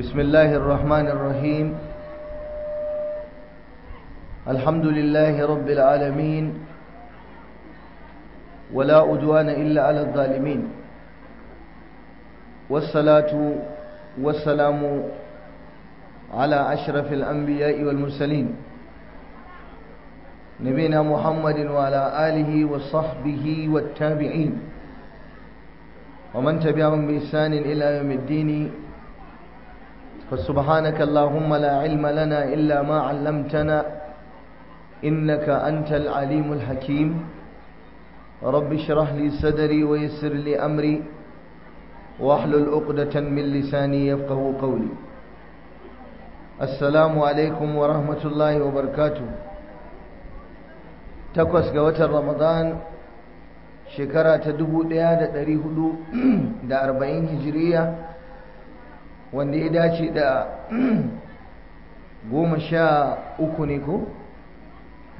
بسم الله الرحمن الرحيم الحمد لله رب العالمين ولا أدوان إلا على الظالمين والصلاة والسلام على أشرف الأنبياء والمرسلين نبينا محمد وعلى آله وصحبه والتابعين ومن تبعهم بإحسان إلى يوم الدين فسبحانك اللهم لا علم لنا إلا ما علمتنا إنك أنت العليم الحكيم رب اشرح لي صدري ويسر لي أمري واحلل عقدة من لساني يفقه قولي السلام عليكم ورحمة الله وبركاته تقوس قوة رمضان شكرا تدبو لها دا تريه دا أربعين هجرية wanda ya dace da goma sha uku ne ko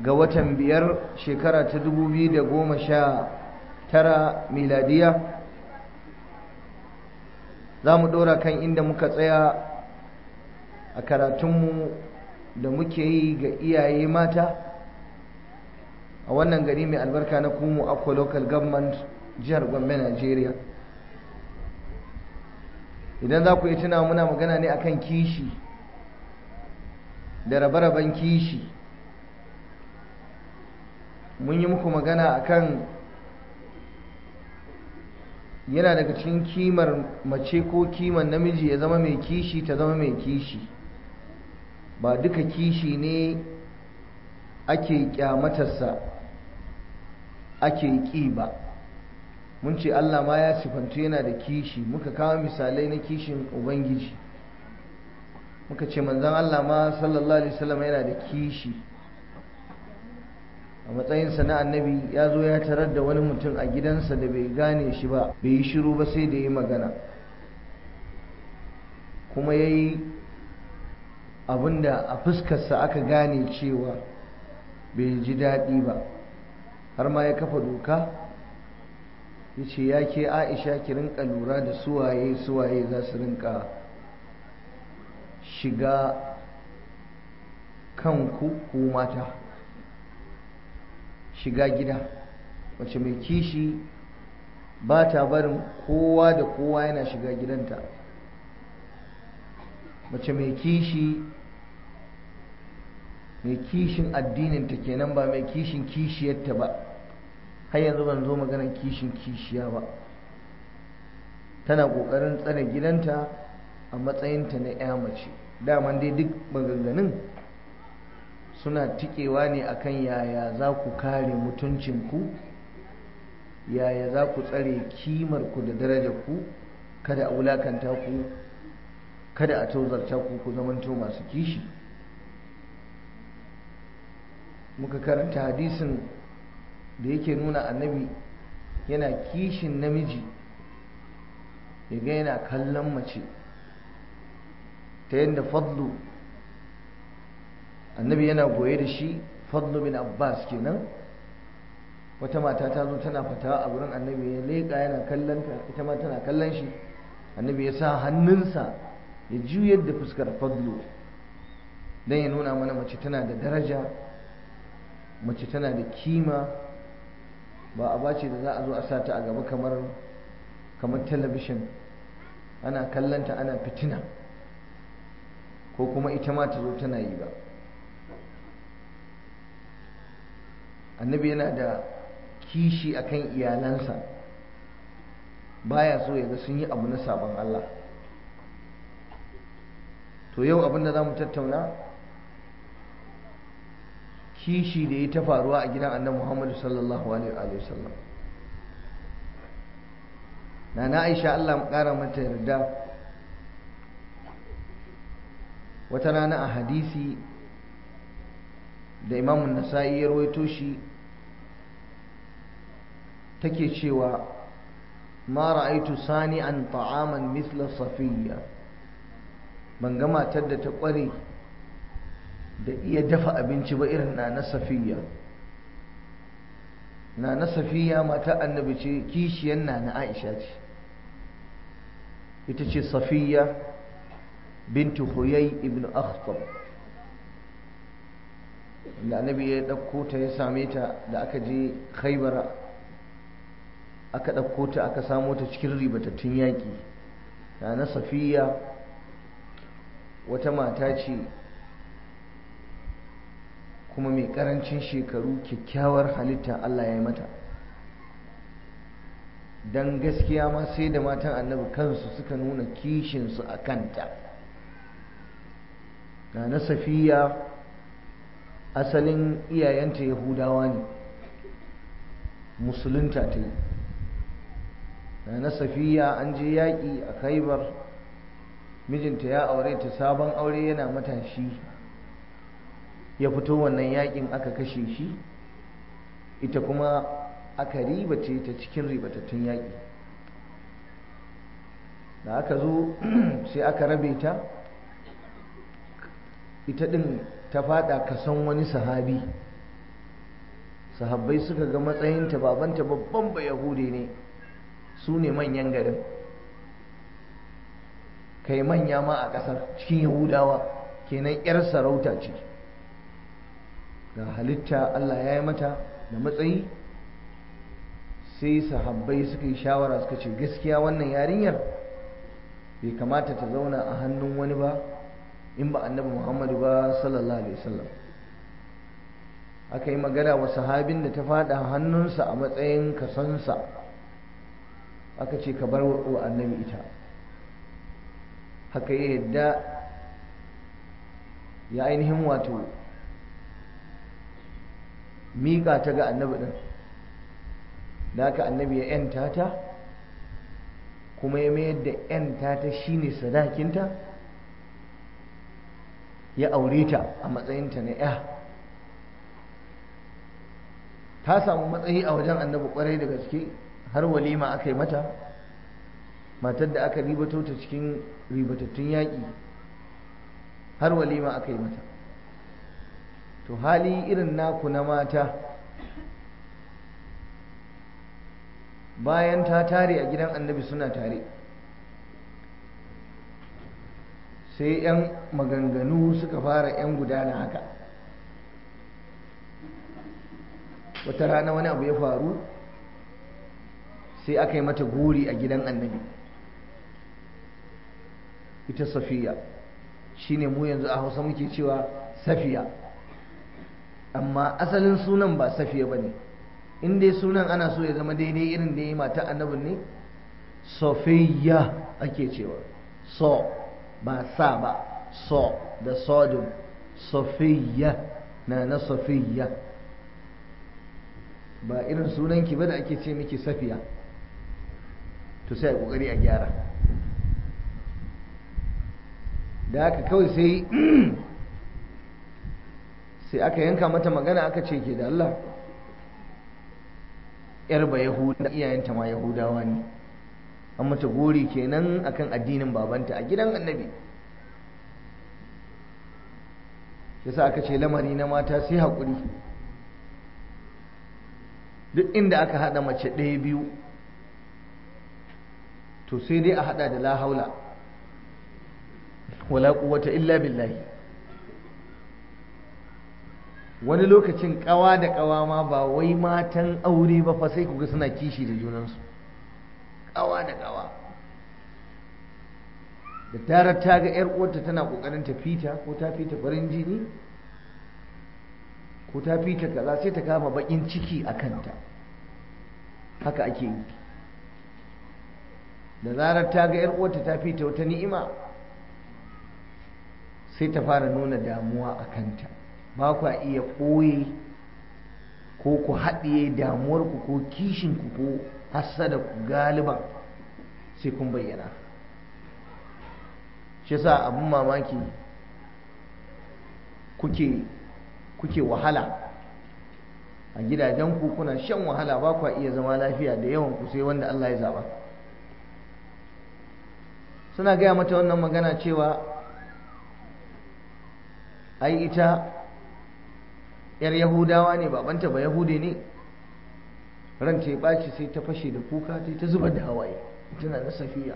ga watan biyar shekara ta dubu biyu da goma sha tara miladiya za mu ɗora kan inda muka tsaya a karatunmu da muke yi ga iyaye mata a wannan gari mai albarka na kuma akwa local government jihar gombe nigeria idan za ku yi tuna muna magana ne akan kishi da rabe-raben kishi mun yi muku magana akan yana daga cikin kimar mace ko kimar namiji ya zama mai kishi ta zama mai kishi ba duka kishi ne ake kyamatarsa ake ƙi ba mun ce Allah ma ya sifantu yana da kishi muka kawo misalai na kishin ubangiji muka ce manzan Allah ma sallallahu alaihi wasallam yana da kishi a matsayinsa na annabi ya zo ya tarar da wani mutum a gidansa da bai gane shi ba bai yi shiru ba sai da yi magana kuma ya yi abinda a fuskarsa aka gane cewa bai ji daɗi ba har ma ya kafa doka ya ce ya ke aisha ki rinka lura da suwaye suwaye za su rinka shiga kanku ko mata shiga gida wacce mai kishi ba ta barin kowa da kowa yana shiga gidanta mace mai kishi mai kishin addininta kenan ba mai kishin kishiyarta ba har yanzu ban zo maganar kishin kishiya ba tana kokarin tsare gidanta a matsayinta na ya mace daman dai duk maganganun suna tikewa ne akan yaya za ku kare mutuncinku yaya za ku tsare kimarku da darajarku kada a wulakanta ku kada a tauzarta ku ku zamanto masu kishi muka karanta hadisin da yake nuna annabi yana kishin namiji ya ga yana kallon mace ta yadda fadlu annabi yana goye da shi fadlu bin abbas kenan wata mata ta zo tana fata a wurin annabi ya leƙa yana kallon ta ita ma tana kallon shi annabi ya sa hannunsa ya juyar da fuskar fadlu don ya nuna mana mace tana da daraja mace tana da kima ba a bace da za a zo a sata a gaba kamar kamar talabishin ana kallanta ana fitina ko kuma ita ma ta zo tana yi ba annabi yana da kishi akan iyalansa baya so ya ga sun yi abu na sabon Allah to yau abinda da za mu tattauna kishi da ya ta faruwa a gidan annabi Muhammadu sallallahu alaihi wa nana Aisha Allah kara mata yarda wata rana a hadisi da Imam Nasa'i ya rawaito shi take cewa ma ra'aitu an ta'aman mithla safiyya ban ga matar da ta kware da iya dafa abinci ba irin na na safiya na na safiya mata annabi ce kishiyar na na aisha ce ita ce safiya bintu huyai ibn akhtar da annabi ya ɗauko ta ya same ta da aka je khaibara aka ɗauko ta aka samo ta cikin ribatattun yaƙi na na safiya wata mata ce kuma mai karancin shekaru kyakkyawar halitta Allah ya yi mata don gaskiya ma sai da matan annabi kansu suka nuna kishinsu a kanta ga na safiya asalin iyayenta yahudawa ne musulunta ta yi ga na safiya an je yaƙi a kaibar mijinta ya aure ta sabon aure yana matashi ya fito wannan yakin aka kashe shi ita kuma aka ribace ta cikin ribatattun yaki. da aka zo sai aka rabe ta ita ɗin ta fada kasan wani sahabi sahabbai suka ga matsayinta babanta babban ba yahude ne su ne manyan garin kai manya ma a ƙasar cikin yahudawa kenan 'yar sarauta ce ga halitta Allah ya yi mata da matsayi sai sahabbai suka yi shawara suka ce gaskiya wannan yarinyar bai kamata ta zauna a hannun wani ba in ba annabi muhammadu ba sallallahu alaihi wasallam aka yi magana wa sahabin da ta fada hannunsa a matsayin kasonsa aka ce ka bar wa annabi ita haka ya yadda ya ainihin wato Mika ta ga annabi ɗin da aka annabi ya ‘yanta ta kuma ya mayar da ‘yanta ta shi ne sadakinta ya aure ta a matsayinta na ‘ya ta samu matsayi a wajen annabi kwarai da gaske har walima aka yi mata matar da aka ribato ta cikin ribatattun yaƙi har walima aka yi mata to hali irin naku na mata bayan ta tare a gidan annabi suna tare sai 'yan maganganu suka fara 'yan gudana haka wata rana wani abu ya faru sai aka yi mata guri a gidan annabi ita safiya shine mu yanzu a hausa muke cewa safiya amma asalin sunan ba safiya ba ne in dai sunan ana so ya zama daidai irin da ya yi mata annabin ne sofiya ake cewa so ba sa ba so da sodom sofiya na na sofiya ba irin sunanki ba da ake ce miki safiya to sai a kokari a gyara da haka kawai sai sai aka yanka mata magana aka ce ke da Allah yar ba yahuda iyayenta ma yahudawa ne an mata gori kenan akan addinin babanta a gidan annabi yasa aka ce lamari na mata sai haƙuri duk inda aka haɗa mace ɗaya biyu to sai dai a haɗa da la haula wala quwwata illa billahi wani lokacin kawa da kawa ma ba wai matan aure ba fa sai kuga suna kishi da junansu kawa da kawa da tarar ta ga yar uwarta tana kokarin ta fita ko ta fita farin jini ko ta fita kaza sai ta kama bakin ciki a kanta haka ake yi da zarar ta ga yar uwarta ta fita wata ni'ima sai ta fara nuna damuwa a kanta ba ku iya koye ko ku haɗiye damuwarku ko kishinku ko hassada ku galiban sai kun bayyana shi sa abin mamaki kuke wahala a gidajenku kuna shan wahala ba kwa iya zama lafiya da yawan ku sai wanda Allah ya zaba suna gaya mata wannan magana cewa ai ita yar yahudawa ne babanta ba yahudi ne ran ta ɓaci sai ta fashe da kuka ta ta zubar da hawaye tana na safiya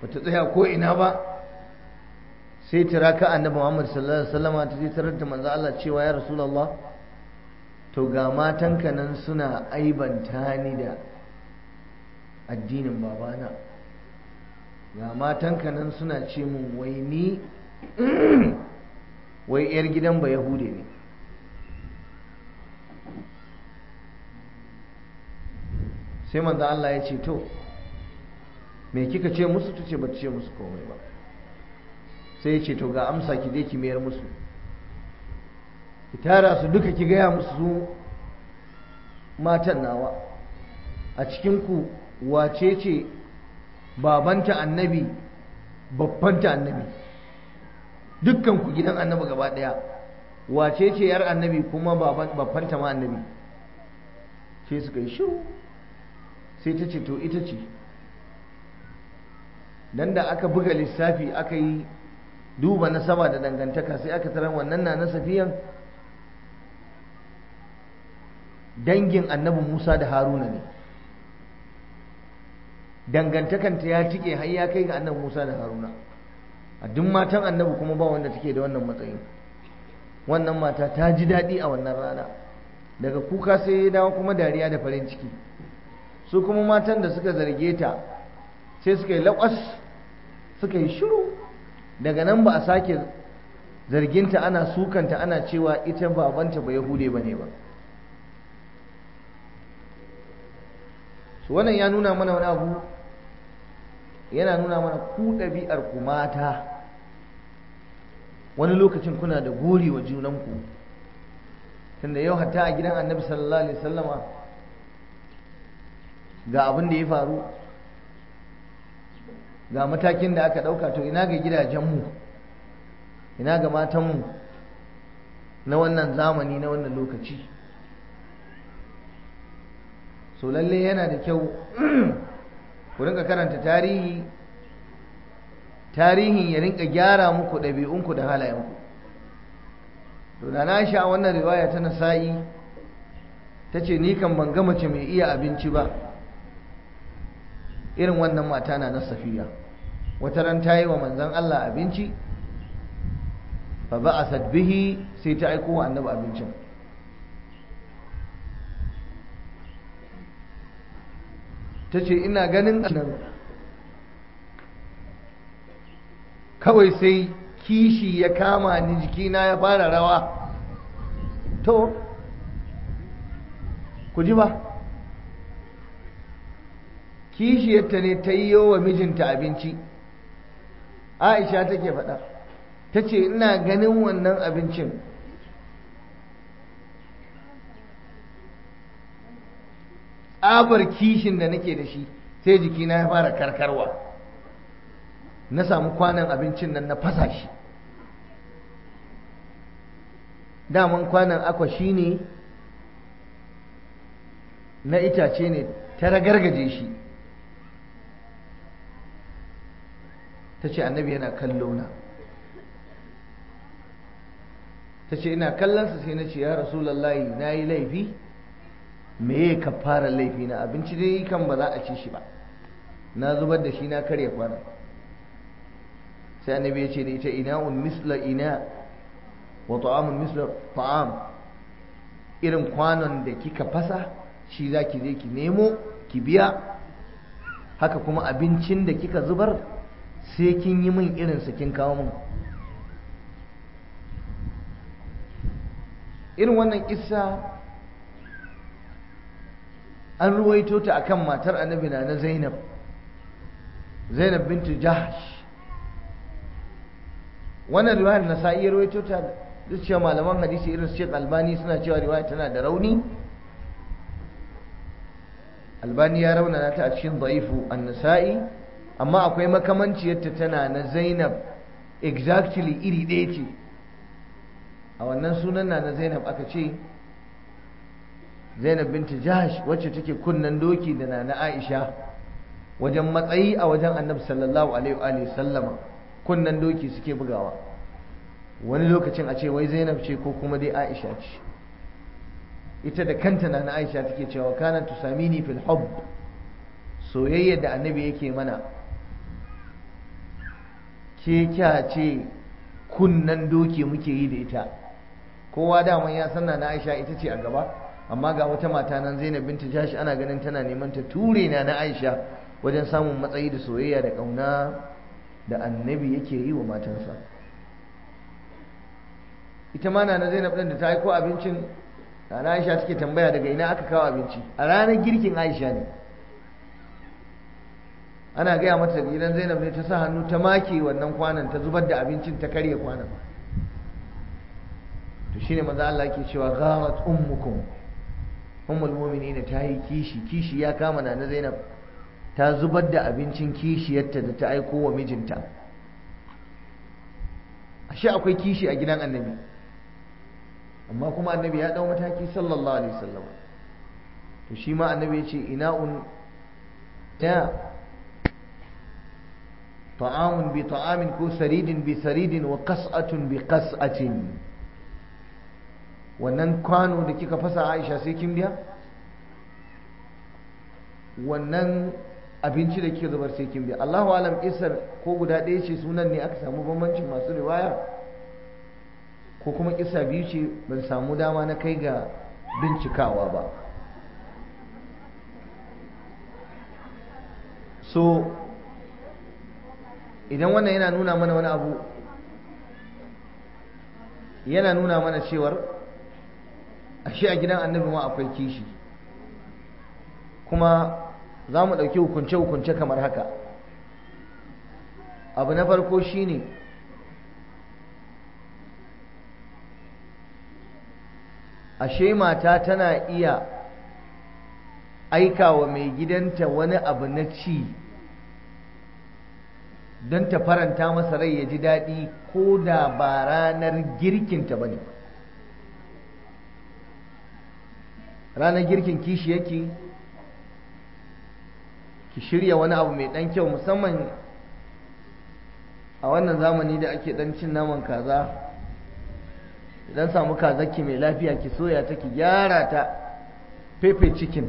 ba ta tsaya ko ina ba sai ta raka annabi Muhammad sallallahu alaihi wasallam ta je tarar da manzo Allah cewa ya rasulullah to ga matanka nan suna aibanta ni da addinin babana ga matanka nan suna ce mun wai ni wai 'yar gidan ba yahude ne sai manzan Allah ya ce to me kika ce musu tace ba ce musu komai ba sai ya ce to ga amsa ki je ki mayar musu ki tara su duka ki gaya musu matan nawa a cikin ku wace ce babanta annabi babbanta annabi dukkan ku gidan annabi gaba daya wace ce yar annabi kuma babban ta ma annabi ce suka yi shiru sai ta ce to ita ce dan da aka buga lissafi aka yi duba na sama da dangantaka sai aka tarar wannan na safiyan dangin annabi Musa da Haruna ne dangantakanta ya tike har ya kai ga annabi Musa da Haruna a duk matan annabi kuma ba wanda take da wannan matsayin wannan mata ta ji daɗi a wannan rana daga kuka sai ya dawo kuma dariya da farin ciki su kuma matan da suka zarge ta sai suka yi laƙwas suka yi shiru daga nan ba a sake zarginta ana sukanta ana cewa ita babanta ba yahude ba ne ba wannan ya nuna mana wani abu yana nuna mana ku ɗabi'ar ku mata wani lokacin kuna da gori wa junanku tunda yau hatta a gidan annabi sallallahu alaihi sallama ga abin da ya faru ga matakin da aka ɗauka to ina ga gidajenmu ina ga matanmu na wannan zamani na wannan lokaci so lalle yana da kyau ku rinka karanta tarihi tarihin ya rinka gyara muku ɗabi'unku da halayenku to da na sha wannan riwaya ta nasa'i ta ce ni kan ban ga mace mai iya abinci ba irin wannan mata na na safiya wata ran ta yi wa manzan Allah abinci Baba a bihi sai ta aiko wa annaba abincin ta ce ina ganin nan kawai sai kishi ya kama ni jikina ya fara rawa to ku ji ba kishiyarta ne ta yi mijinta abinci aisha take faɗa ta ce ina ganin wannan abincin tsabar kishin da nake da shi sai jikina ya fara karkarwa na samu kwanan abincin nan na fasa shi daman kwanan akwa shi ne na itace ne ta ragargaje shi ta ce annabi yana kallo na ta ce ina kallonsa sai na ce ya rasulallahi na yi laifi Me ka fara laifi na abinci dai kan ba za a ci shi ba na zubar da shi na karya kwana sai annabi ya ce da ita un misla ina wa ta'amun misla ta'am irin kwanon da kika fasa shi za ki je ki nemo ki biya haka kuma abincin da kika zubar sai kin yi min irinsa kin kawo min irin wannan isa an ruwaito ta akan matar annabi na na zainab zainab bintu jahash wannan riwayar nasa'i ya ruwaito ta duk cewa malaman hadisi irin Sheikh Albani suna cewa riwayar tana da rauni Albani ya rauna ta a cikin dhaifu an-Nasa'i amma akwai yadda tana na Zainab exactly iri ɗaya ce a wannan sunan na na Zainab aka ce zainab binti jahash wacce take kunnan doki da nana aisha wajen matsayi a wajen annabi sallallahu alaihi wa sallama kunnan doki suke bugawa wani lokacin a ce wai zainab ce ko kuma dai aisha ce ita da kanta nana aisha take cewa kana tusamini fil hub soyayya da annabi yake mana ke kya ce kunnan doki muke yi da ita kowa daman ya sanna na aisha ita ce a gaba amma ga wata mata nan Zainab binta Jashi ana ganin tana neman ta ture na na Aisha wajen samun matsayi da soyayya da kauna da annabi yake yi wa matansa ita ma na Zainab din da ta aiko abincin na Aisha take tambaya daga ina aka kawo abinci a ranar girkin Aisha ne ana gaya mata da gidan Zainab ne ta sa hannu ta make wannan kwanan ta zubar da abincin ta karya kwanan to shine maza Allah ke cewa gharat ummukum ummul mu'minin ta yi kishi kishi ya kama nana zainab ta zubar da abincin kishiyarta da ta aiko wa mijinta ashe akwai kishi a gidan annabi amma kuma annabi ya dau mataki sallallahu alaihi wasallam to shi ma annabi ya ce ina'un ta ta'amun bi ta'amin ko saridin bi saridin wa qas'atun bi qas'atin wannan kwano da kika fasa aisha sai kin biya wannan abinci da kika zubar sai kin biya allahu alam isar ko guda ɗaya ce sunan ne aka samu bambancin masu riwaya ko kuma kisa biyu ce ban samu dama na kai ga bincikawa ba so idan wannan yana nuna mana wani abu yana nuna mana cewar ashe a gidan annabi ma akwai kishi kuma za mu ɗauki hukunce-hukunce kamar haka abu na farko shine ashe mata tana iya aikawa mai gidanta wani abu na ci don ta faranta masa rai ya ji daɗi ko da ba ranar girkinta ba ne ba ranar girkin kishi yake ki shirya wani abu mai dan kyau musamman a wannan zamani da ake dan cin naman kaza idan samu ki mai lafiya ki soya ta ki gyara ta pepe chicken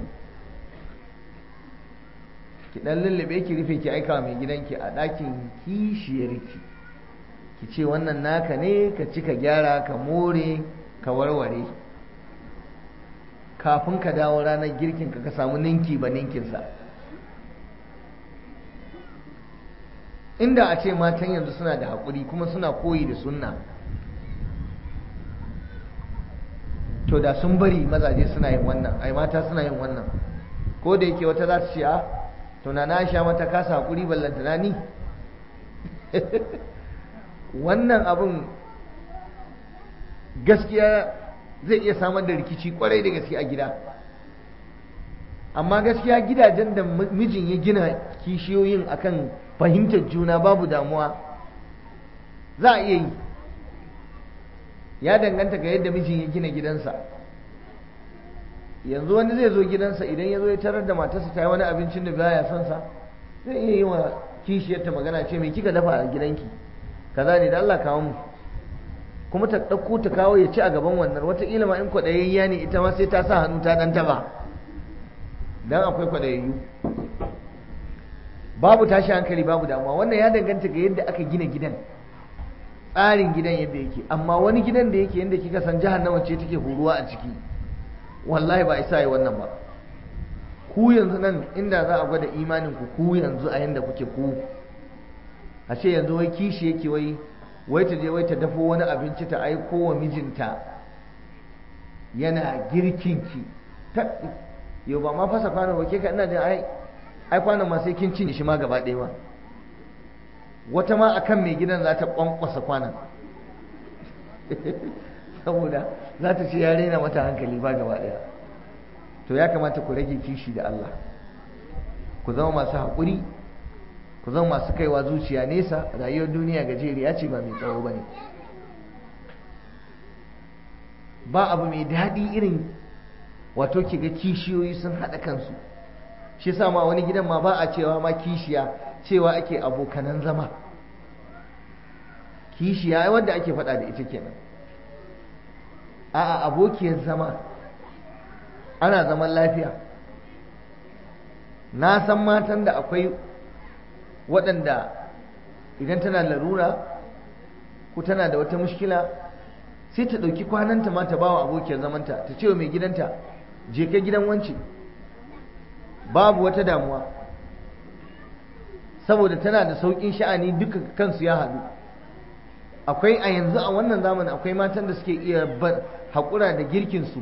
ki dan lullube ki rufe ki aika mai gidanki a dakin ɗakin kishiyarki ki ce wannan naka ne ka ci ka gyara ka more ka warware kafin ka dawo ranar girkin ka ka samu ninki ba ninkinsa inda a ce matan yanzu suna da haƙuri kuma suna koyi da sunna to da sun bari mazaje suna yin wannan ai mata suna yin wannan ko da yake wata za su ce a ah, to na na sha mata kasa haƙuri ballantana ni wannan abin gaskiya zai iya samar da rikici kwarai da gaske a gida amma gaskiya gidajen da mijin ya gina kishiyoyin akan fahimtar juna babu damuwa za a iya yi ya danganta ga yadda mijin ya gina gidansa yanzu wani zai zo gidansa idan ya zo ya tarar da matarsa ta yi wani abincin da baya son sa zai iya yi wa kishiyarta magana ce mai kika dafa a gidanki kaza ne da Allah kawo mu kuma ta ɗauko ta kawo ya ci a gaban wannan Wata ma in kwaɗayayya ne ita ma sai ta sa hannu ta ɗanta ba don akwai kwaɗayayyu babu tashi hankali babu damuwa wannan ya danganta ga yadda aka gina gidan tsarin gidan yadda yake amma wani gidan da yake yadda kika san nawa ce take huruwa a ciki wallahi ba isa yi wannan ba ku yanzu nan inda za a gwada imanin ku ku yanzu a yanda kuke ku A ce yanzu wai kishi yake wai wai ta je wai ta dafo wani abinci ta aiko wa mijinta yana girkinki ta yau ba ma fasa kwano ba ke ka ina jin ai ai kwanon ma sai kin cinye shi ma gaba ɗaya ma wata ma akan mai gidan za ta kwankwasa kwanan saboda za ta ce ya rena mata hankali ba gaba ɗaya to ya kamata ku rage kishi da Allah ku zama masu haƙuri ku zan masu kaiwa zuciya nesa rayuwar duniya gajeriya ce ba mai tsawo ba ne ba abu mai daɗi irin wato kiga kishiyoyi sun haɗa kansu shi sa ma wani gidan ma ba a cewa ma kishiya cewa ake abokanan zama kishiya wanda ake faɗa da ita kenan a'a abokiyar zama ana zaman lafiya na san matan da akwai waɗanda idan tana larura ko tana da wata mushkila sai ta ɗauki kwananta ma ta bawa abokiyar zamanta ta ce wa mai gidanta je ka gidan wance babu wata damuwa saboda tana da sauƙin sha'ani duka kansu ya haɗu akwai a yanzu a wannan zamani akwai matan da suke iya bar haƙura da girkinsu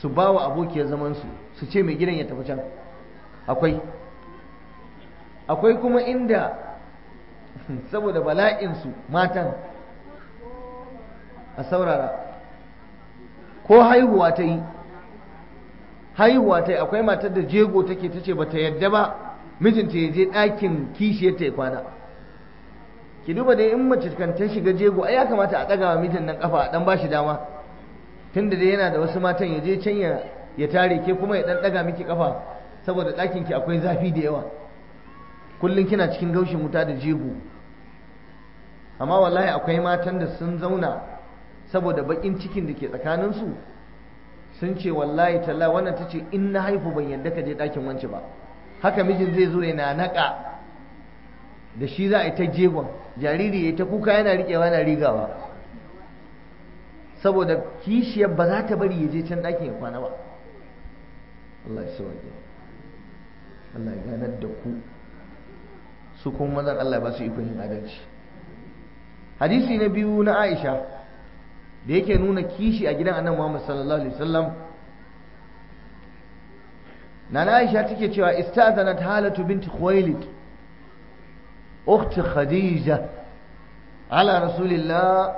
su ba wa abokiyar zamansu su ce mai gidan ya tafi can akwai akwai kuma inda saboda bala'insu matan a saurara ko haihuwa ta yi haihuwa ta yi akwai matar da jego take ta ce ba ta yadda ba mijinta ya je ɗakin kishiyar ta ya kwana ki duba da in mace kan ta shiga jego ai ya kamata a ɗaga mijin nan ƙafa a ɗan ba shi dama tunda dai yana da wasu matan ya je can ya tare ke kuma ya ɗan ɗaga miki ƙafa saboda ɗakin ki akwai zafi da yawa kullum kina cikin gaushin wuta da jego amma wallahi akwai matan da sun zauna saboda bakin cikin da ke tsakaninsu sun ce wallahi talla wannan ta ce in na haifu ban yadda ka je ɗakin wance ba haka mijin zai zo yana naƙa da shi za a yi ta jegon jariri ya yi ta kuka yana riƙewa yana rigawa saboda kishiyar ba za ta bari ya je can ɗakin ya kwana ba Allah ya Allah ya ganar da ku su kuma mazan Allah ba su ikon yin adalci hadisi na biyu na Aisha da yake nuna kishi a gidan annabi Muhammad sallallahu alaihi wasallam nana Aisha take cewa istazanat Halatu bint Khuwailid ukhti Khadija ala Rasulillah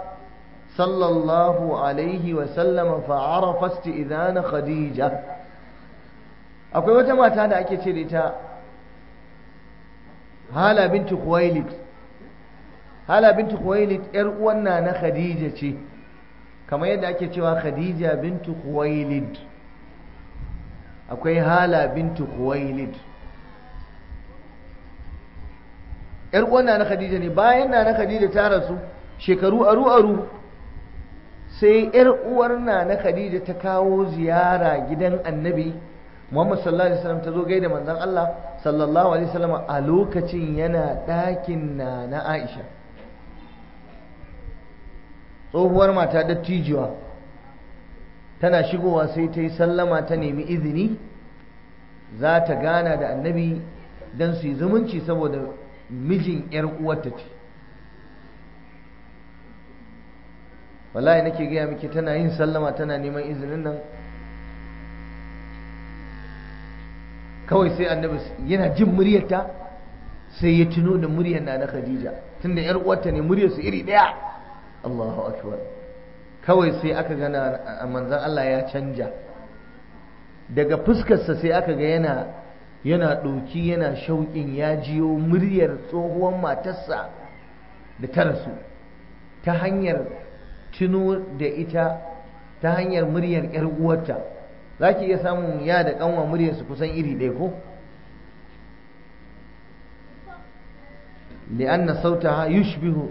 sallallahu alaihi wasallam fa'arafat idana Khadija akwai wata mata da ake ce da ita hala binti kuwailid, hala binti kuwailid yar uwan na khadija ce kamar yadda ake cewa khadija binti kuwailid, akwai hala binti kuwailid. yar uwan na khadija ne bayan na na khadija ta rasu shekaru aru aru sai yar uwar na na khadija ta kawo ziyara gidan annabi Muhammad sallallahu alaihi wasallam ta zo gaida manzon Allah sallallahu alaihi wasallam a lokacin yana ɗakin na na Aisha tsohuwar mata dattijuwa tana shigowa sai ta yi sallama ta nemi izini za ta gana da annabi don su yi zumunci saboda mijin 'yar uwarta ce wallahi nake gaya miki tana yin sallama tana neman izinin nan kawai sai annabi yana jin muryarta sai ya tuno da muryar na na khadija tunda yar uwarta ne muryar su iri daya Allahu akbar kawai sai aka gana manzon Allah ya canja daga fuskarsa sai aka ga yana yana ɗoki yana shauƙin ya jiyo muryar tsohuwar matarsa da ta rasu ta hanyar tuno da ita ta hanyar muryar 'yar uwarta za ki iya samun ya da kanwa muryarsu kusan iri ɗaya ko li'anna sautaha yushbihu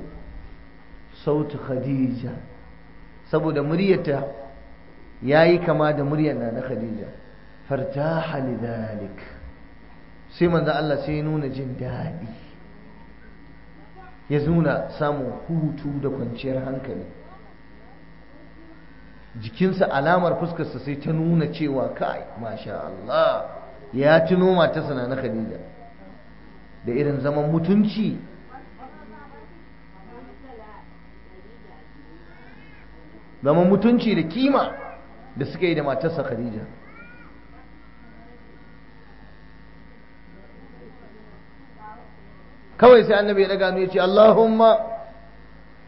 sautu khadija saboda muryarta ya yi kama da muryar na na khadija fartaha halidalik sai manzan Allah sai ya nuna jin daɗi ya zuna samun hutu da kwanciyar hankali jikinsa alamar fuskarsa sai ta nuna cewa kai masha Allah ya tuno sana na Khadija da irin zaman mutunci zaman mutunci da kima da suka yi da matarsa Khadija kawai sai annabi ya daga ya ce Allahumma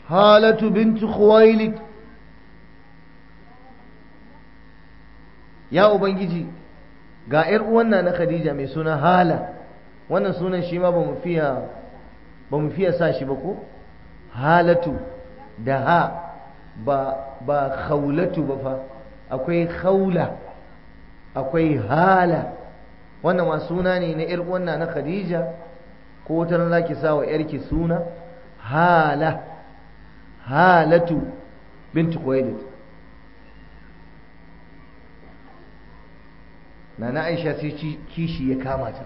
halatu bintu khuwailid ya ubangiji ga ‘yar uwanna na khadija mai suna hala wannan sunan shi ma ba mu fiya sa shi ba ko halatu da ha ba ba khaulatu ba fa akwai khaula akwai hala wannan ma suna ne na ‘yar uwanna na khadija ko wata nan zaki sa wa ‘yarki suna hala halatu bintu Khuwailid nana aisha sai kishi ya kama ta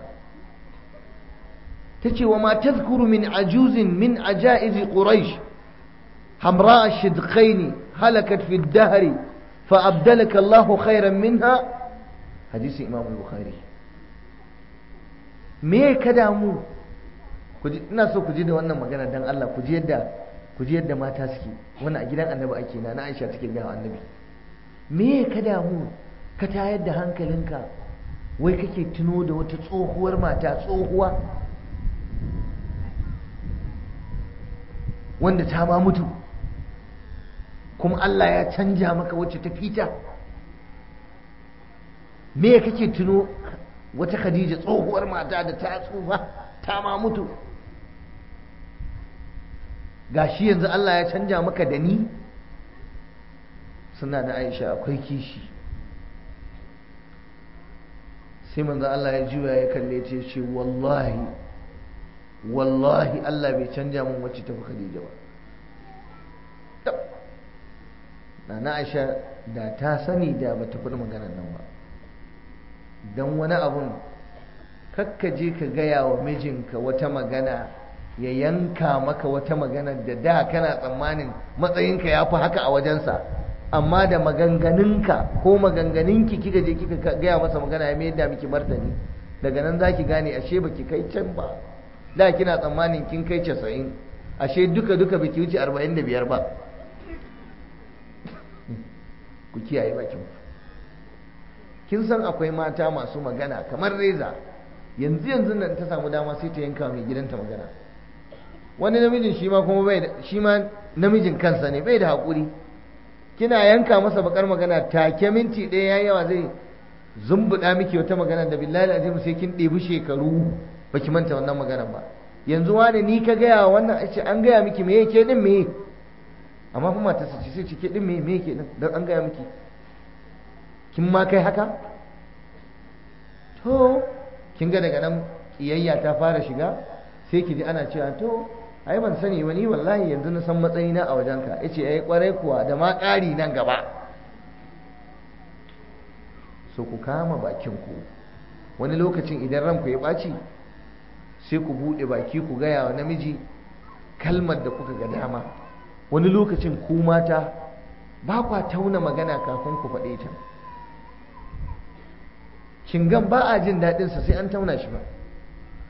tace wa ma tadhkuru min ajuzin min ajaizi quraish hamra ashidqaini halakat fi ad-dahr fa abdalaka Allahu khairan minha hadisi imam al-bukhari me ka damu ina so ku ji da wannan magana dan Allah ku ji yadda ku ji yadda mata suke wannan a gidan annabi ake na na Aisha take ga annabi me ka damu ka tayar da hankalinka wai kake tuno da wata tsohuwar mata tsohuwa wanda ta ma mutu kuma Allah ya canja maka wacce ta fita me kake tuno wata khadija tsohuwar mata da ta tsufa ta ma mutu gashi yanzu Allah ya canja maka da ni suna da aisha akwai kishi sai manzan Allah ya juya ya kalle ce ce wallahi wallahi Allah bai canja mun wacce ta tafi Khadija ba na Aisha da ta sani da ba ta faɗi maganar nan ba don wani abun kakka je ka gaya wa mijinka wata magana ya yanka maka wata magana da da kana tsammanin matsayinka ya fi haka a wajensa amma da maganganinka ko maganganinki kika je kika gaya masa magana ya mayar da miki martani daga nan za ki gane ashe baki kai can ba da kina tsammanin kin kai casa'in ashe duka duka baki wuce arba'in da biyar ba ku kiyaye bakin kin san akwai mata masu magana kamar reza yanzu yanzu nan ta samu dama sai ta yanka mai gidanta magana wani namijin shi ma kuma bai shi ma namijin kansa ne bai da haƙuri kina yanka masa bakar magana take minti ɗaya yayi yawa zai zumbuda miki wata magana da billahi alazim sai kin ɗebi shekaru baki manta wannan magana ba yanzu wani ni ka gaya wannan ce an gaya miki me yake din me amma kuma ta sace sai cike din me me ke din dan an gaya miki kin ma kai haka to kin ga daga nan kiyayya ta fara shiga sai ki ji ana cewa to ai ban sani ba ni wallahi yanzu na san matsayina a wajenka yace ai kwarai kuwa da ma ƙari nan gaba so ku kama bakin ku wani lokacin idan ran ku ya ɓaci sai ku buɗe baki ku gaya wa namiji kalmar da kuka ga dama wani lokacin ku mata ba kwa tauna magana kafin ku faɗe ta kin gan ba a jin daɗinsa sai an tauna shi ba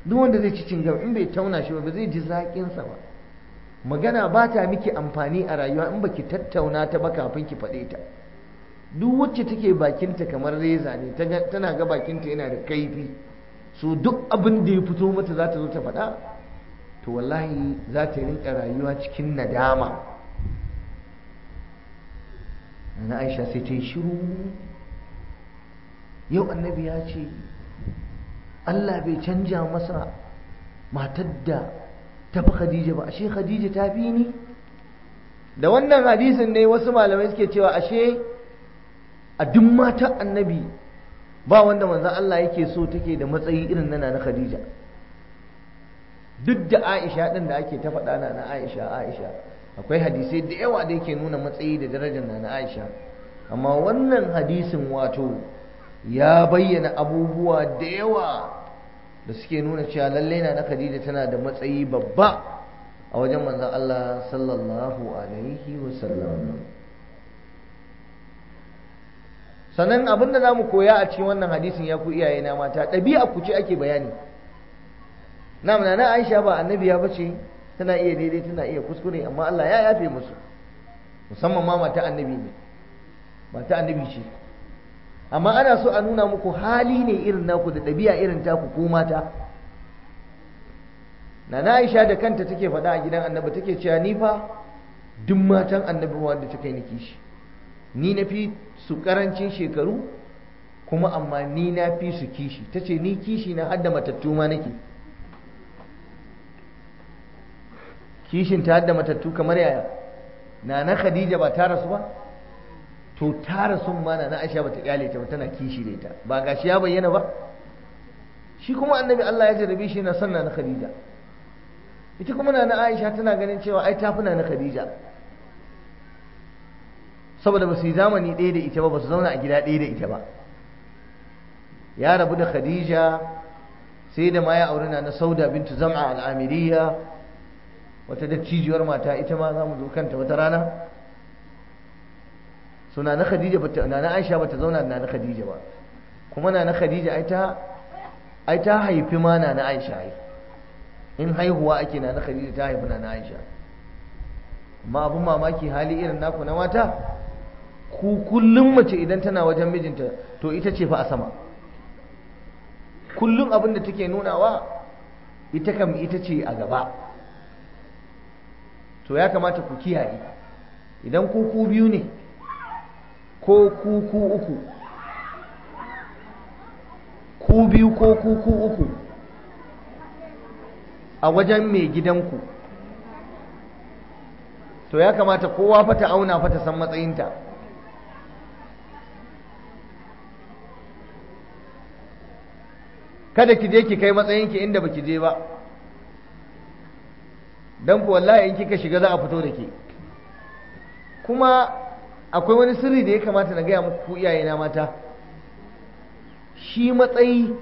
duk wanda zai ci cingam in bai tauna shi ba zai ji zaƙinsa ba magana ba ta miki amfani a rayuwa in baki tattauna ta ba kafin ki faɗe ta duk wacce take bakinta kamar reza ne tana ga bakinta yana da kaifi so duk abin da ya fito mata za ta zo ta faɗa to wallahi za ta rinka rayuwa cikin nadama na aisha sai ta yi shiru yau annabi ya ce Allah bai canja masa matar da ta fi Khadija ba ashe Khadija ta fi ni da wannan hadisin ne wasu malamai suke cewa ashe a duk matan annabi ba wanda manzon Allah yake so take da matsayi irin nana na Khadija duk da Aisha din da ake ta faɗa na Aisha Aisha akwai hadisai da yawa da yake nuna matsayi da darajar na Aisha amma wannan hadisin wato ya bayyana abubuwa da yawa da suke nuna cewa lallai na Khadija tana da matsayi babba a wajen manzon Allah sallallahu alaihi wasallam sannan abin da zamu koya a cikin wannan hadisin ya ku iyaye na mata ɗabi'a ku ce ake bayani na na Aisha ba annabiya bace tana iya daidai tana iya kuskure amma Allah ya yafe musu musamman ma mata annabi ne mata annabi ce amma ana so a nuna muku hali ne irin naku da ɗabi'a irin taku ko mata na na aisha da kanta take faɗa a gidan annabi take cewa ni fa duk matan annabi wanda ta kai ni kishi ni na fi su karancin shekaru kuma amma ni na fi su kishi ta ce ni kishi na hadda matattu ma nake kishin ta hadda matattu kamar yaya na na khadija ba ta rasu ba to tara sun mana na aisha bata kyale ta ba tana kishi da ita ba gashi ya bayyana ba shi kuma annabi Allah ya jarrabe shi na sanna na Khadija ita kuma na Aisha tana ganin cewa ai tafuna na Khadija saboda ba su yi zamani ɗaya da ita ba ba su zauna a gida ɗaya da ita ba ya rabu da Khadija sai da ma ya auri na Sauda bintu Zam'a al-Amiriyya wata dattijiyar mata ita ma za mu zo kanta wata rana so na na khadija bata na aisha bata zauna da na khadija ba kuma na na khadija ai ta ai ta haifi ma na na aisha ai in haihuwa ake na na khadija ta haifi na na aisha amma abin mamaki hali irin naku na mata ku kullum mace idan tana wajen mijinta to ita ce fa a sama kullum abin da take nunawa ita kam ita ce a gaba to ya kamata ku kiyaye idan ku ku biyu ne ko kuku uku ku biyu ko kuku uku a wajen mai gidanku to ya kamata kowa fata auna fata san matsayinta kada ki je ki kai matsayinki inda baki je ba dan ku wallahi in kika shiga za a fito da ke kuma akwai wani sirri da ya kamata na gaya muku iyayena mata shi matsayi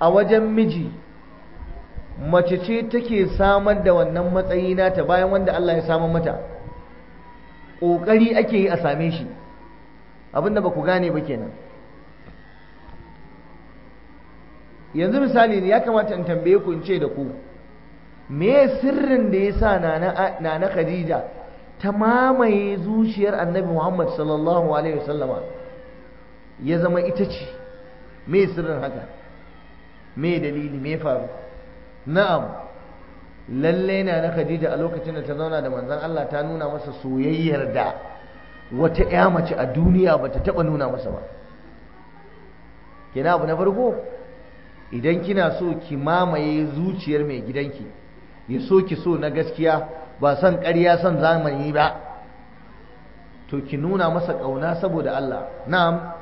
a wajen miji mace ce take samar da wannan matsayi ta bayan wanda Allah ya samar mata ƙoƙari ake yi a same shi abinda ba ku gane ba kenan yanzu misali ne ya kamata in tambaye ku in ce da ku me sirrin da ya sa na na Khadija ta mamaye zuciyar annabi Muhammad sallallahu alaihi wasallama ya zama ita ce me sirrin haka mai dalili me faru na'am lalle na na Khadija a lokacin da ta zauna da manzan Allah ta nuna masa soyayyar da wata ya mace a duniya ba ta taba nuna masa ba kina abu na farko idan kina so ki mamaye zuciyar mai gidanki ya so ki so na gaskiya ba san ƙarya son zamani ba to ki nuna masa ƙauna saboda Allah na'am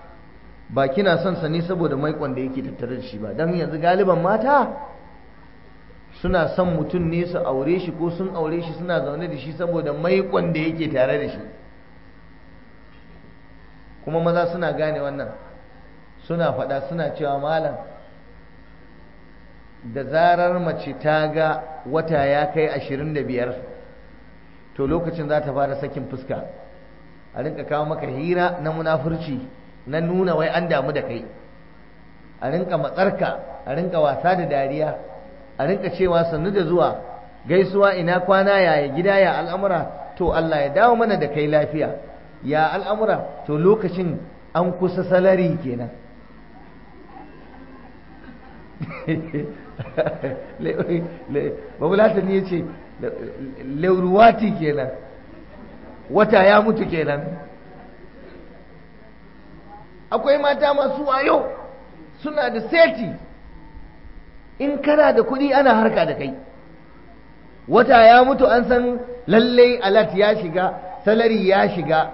ba kina son sa ne saboda maikon da yake tattare da shi ba don yanzu galiban mata suna son mutum ne su aure shi ko sun aure shi suna zaune da shi saboda maikon da yake tare da shi kuma maza suna gane wannan suna faɗa suna cewa malam da zarar mace ta ga wata ya kai ashirin da biyar to lokacin za ta fara sakin fuska a rinka kawo maka hira na munafurci na nuna wai an damu da kai a rinka matsarka a rinka wasa da dariya a rinka cewa sannu da zuwa gaisuwa ina kwana yaya gida ya al'amura to Allah ya dawo mana da kai lafiya ya al'amura to lokacin an kusa salari kenan babulatani ya ce lauruwati kenan wata ya mutu kenan akwai mata masu wayo suna da seti in kana da kuɗi ana harka da kai wata ya mutu an san lallai alat ya shiga salari ya shiga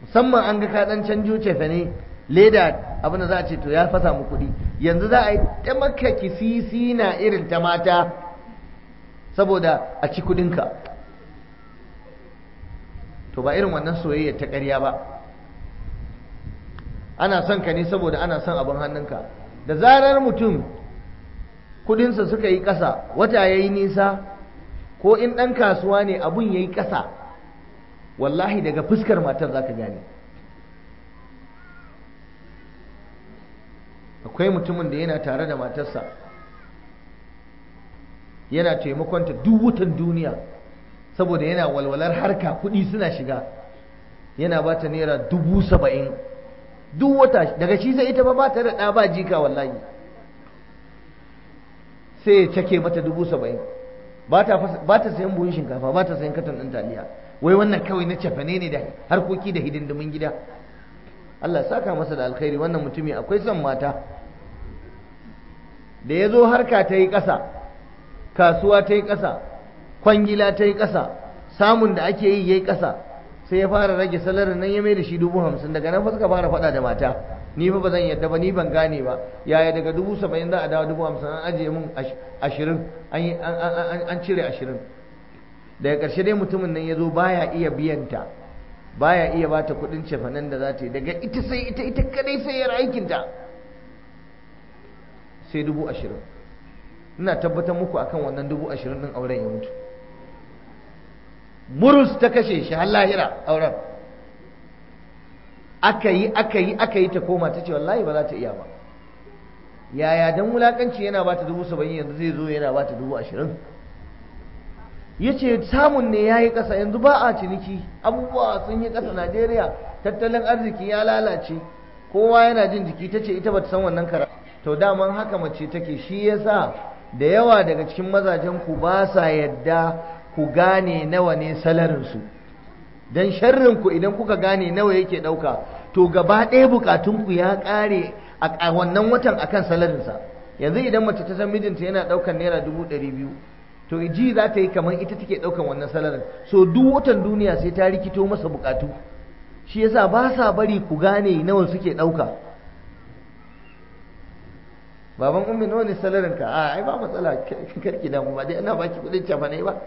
musamman an ga kaɗan canjo ta ne leda abin da za a ce to ya fasa mu kuɗi yanzu za a yi ta maka kisisi na irin ta mata saboda a ci kuɗinka to ba irin wannan soyayya ta ƙarya ba ana son ka ne saboda ana son abin hannunka da zarar mutum kuɗinsa suka yi ƙasa wata ya yi nisa ko in ɗan kasuwa ne abin ya yi ƙasa wallahi daga fuskar matar za ka gane akwai mutumin da yana tare da matarsa yana taimakonta duk wutan duniya saboda yana walwalar harka kudi suna shiga yana ba ta naira dubu saba'in duk wata daga shi sai ita ba ba ta da ɗa ba jika wallahi sai ya cake mata dubu saba'in ba ta sayan buhun shinkafa ba ta sayan katon ɗin taliya wai wannan kawai na cafane ne da harkoki da hidindimin gida Allah saka masa da alkhairi wannan mutumi akwai son mata da ya zo harka ta yi ƙasa kasuwa ta yi ƙasa kwangila ta yi ƙasa samun da ake yi ya yi ƙasa sai ya fara rage salarin nan ya mai da shi dubu hamsin daga nan fa suka fara faɗa da mata ni fa ba zan yadda ba ni ban gane ba yaya daga dubu saba'in za a dawo dubu hamsin an ajiye mun ashirin an cire ashirin daga ƙarshe dai mutumin nan ya zo baya iya biyanta baya iya bata kuɗin cefanen da za ta yi daga ita sai ita ita kadai sai yar aikinta sai dubu ashirin ina tabbatar muku akan wannan dubu ashirin din auren ya mutu murus ta kashe shi har lahira auren aka yi aka yi aka yi ta koma ta ce wallahi ba za ta iya ba yaya dan wulakanci yana ba ta dubu saba'in yanzu zai zo yana ba ta dubu ashirin ya ce samun ne ya yi ƙasa yanzu ba a ciniki abubuwa sun yi ƙasa najeriya tattalin arziki ya lalace kowa yana jin jiki ta ce ita ba ta san wannan karatu to daman haka mace take shi yasa da yawa daga cikin mazajen ku ba sa yadda ku gane nawa ne salarin su dan sharrin ku idan kuka gane nawa yake dauka to gaba ɗaya bukatun ku ya kare a wannan watan akan salarin sa yanzu idan mace ta san mijinta yana daukan naira dubu ɗari biyu to ji za ta yi kamar ita take daukan wannan salarin so duk watan duniya sai ta rikito masa bukatu shi yasa ba sa bari ku gane nawa suke ɗauka. baban ummi nawa ne salarin ka a ai ba matsala karki damu ba dai ina baki kudin cafa ne ba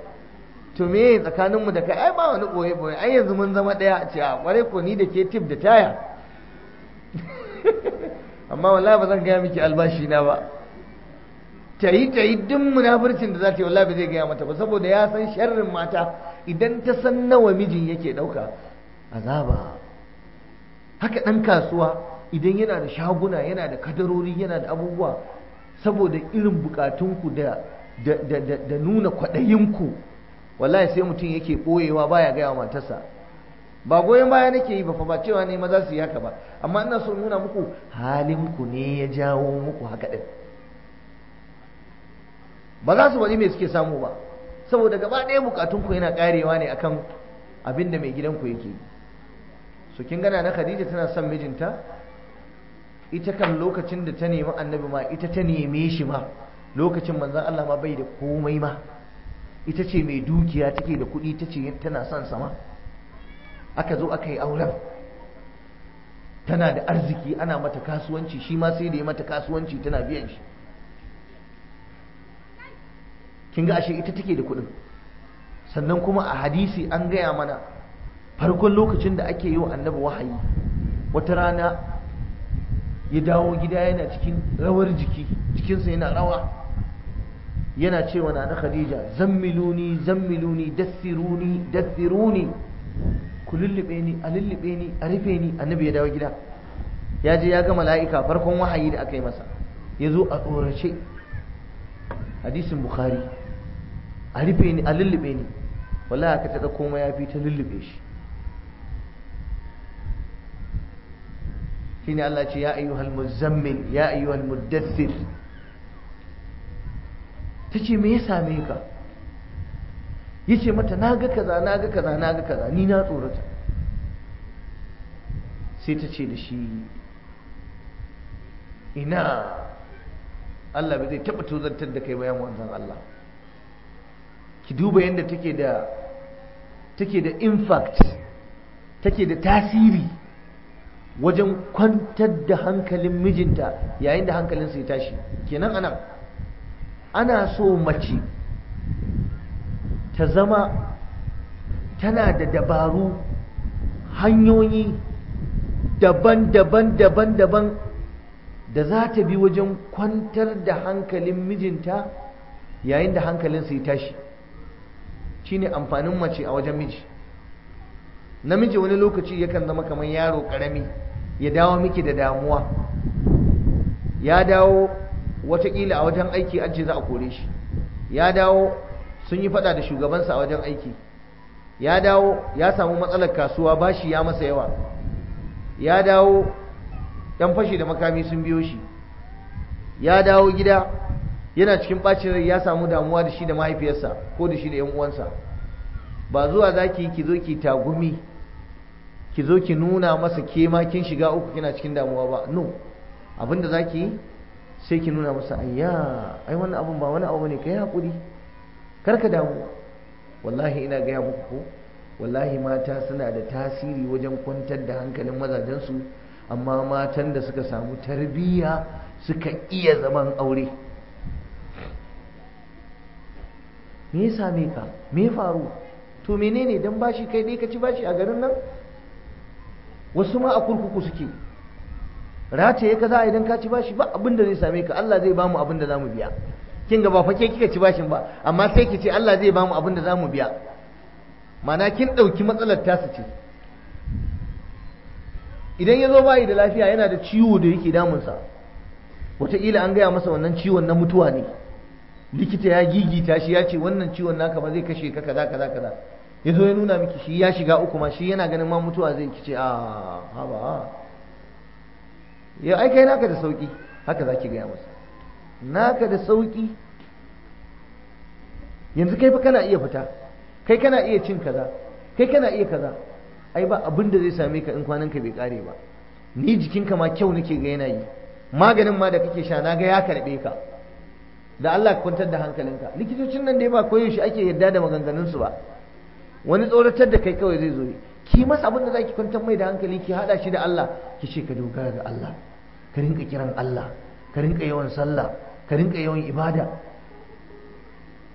to me tsakanin mu da kai ai ba wani boye boye ai yanzu mun zama daya a ce a kware ko ni da ke tip da taya amma wallahi ba zan gaya miki albashi na ba tayi yi ta yi munafurcin da za ta yi wallahi ba zai gaya mata ba saboda ya san sharrin mata idan ta san nawa mijin yake dauka azaba haka dan kasuwa idan yana da shaguna yana da kadarori yana da abubuwa saboda irin bukatunku da da nuna kwaɗayinku wallahi sai mutum yake ɓoyewa baya gaya matarsa ba goyon baya nake yi ba fa ba cewa ne maza su yi haka ba amma ina so nuna muku halin ku ne ya jawo muku haka ɗin ba za su wani me suke samu ba saboda gaba ɗaya bukatunku yana karewa ne akan abin da mai gidanku yake yi so kin gana na khadija tana son mijinta ita kan lokacin da ta nemi annabi ma ita ta neme shi ma lokacin manzan Allah ma bai da komai ma ita ce mai dukiya take da kuɗi ta ce tana son sama aka zo aka yi auren tana da arziki ana mata kasuwanci shi ma sai da ya mata kasuwanci tana biyan shi kin ga ashe ita take da kuɗin sannan kuma a hadisi an gaya mana farkon lokacin da ake yi wa annabi wahayi wata rana ya dawo gida yana cikin rawar jiki jikinsa yana rawa yana cewa wa nana khadija zammiluni zammiluni dathiruni dathiruni ku lullube ni a lullube ni a rufe ni annabi ya dawo gida ya je ya gama mala'ika farkon wahayi da aka yi masa ya zo a tsorace hadisin bukhari a rufe ni a lullube ni wallahi aka taɗa koma ya fi ta lullube shi shine Allah ce ya ayyuhal muzammil ya ayyuhal muddathir tace me ya same ka yace mata naga kaza naga kaza naga kaza ni na tsorata sai ta ce da shi ina Allah bai zai taɓa tozantar da kai bayan wanzan Allah ki duba yadda take da take da impact take da tasiri wajen kwantar da hankalin mijinta yayin da hankalinsa ya tashi kenan anan ana so mace ta zama tana da dabaru hanyoyi daban-daban daban-daban da za ta bi wajen kwantar da hankalin mijinta yayin da hankalinsa ya tashi shi ne amfanin mace a wajen miji namiji wani lokaci yakan zama kamar yaro ƙarami ya dawo miki da damuwa ya dawo watakila a wajen aiki an ce za a kore shi ya dawo sun yi fada da shugabansa a wajen aiki ya dawo ya samu matsalar kasuwa bashi ya masa yawa ya dawo ɗan fashi da makami sun biyo shi ya dawo gida yana cikin ɓacin rai ya samu damuwa da shi da mahaifiyarsa ko da shi da yan uwansa ba zuwa zaki ki zo ki tagumi ki zo ki nuna masa ke ma kin shiga uku kina cikin damuwa ba no abinda za ki yi sai ki nuna masa ayya ai wannan abin ba wani abu ne ka yi haƙuri karka damu wallahi ina gaya muku ko wallahi mata suna da tasiri wajen kwantar da hankalin mazajensu amma matan da suka samu tarbiyya suka iya zaman aure me ya same ka me faru to menene dan bashi kai ne ka ci bashi a garin nan wasu ma a kurkuku suke rataye ka za a idan ka ci bashi ba abin da zai same ka Allah zai bamu abin da za mu biya kin ga ba fa ke kika ci bashin ba amma sai ki ce Allah zai bamu abin da za mu biya mana kin ɗauki matsalar tasu ce idan ya zo bayi da lafiya yana da ciwo da yake damun damunsa wataƙila an gaya masa wannan ciwon na mutuwa ne likita ya gigita shi ya ce wannan ciwon naka ba zai kashe ka kaza kaza kaza ya zo ya nuna miki shi ya shiga uku ma shi yana ganin ma mutuwa zai kice a ah, haba ya aikai naka da sauki haka za ki gaya masa naka da sauki yanzu kai fa kana iya fita kai kana iya cin kaza kai kana iya kaza ai ba abin da zai same ka in kwanan ka bai kare ba ni jikinka ma kyau nake ga yana yi maganin ma da kake sha na ga ya karbe ka da Allah kwantar da hankalinka likitocin nan dai ba koyaushe ake yarda da maganganunsu ba wani tsoratar da kai kawai zai zo ki masa abin da zaki kwantar mai da hankali ki hada shi da Allah ki ce ka dogara ga Allah ka rinka kiran Allah ka rinka yawan sallah ka rinka yawan ibada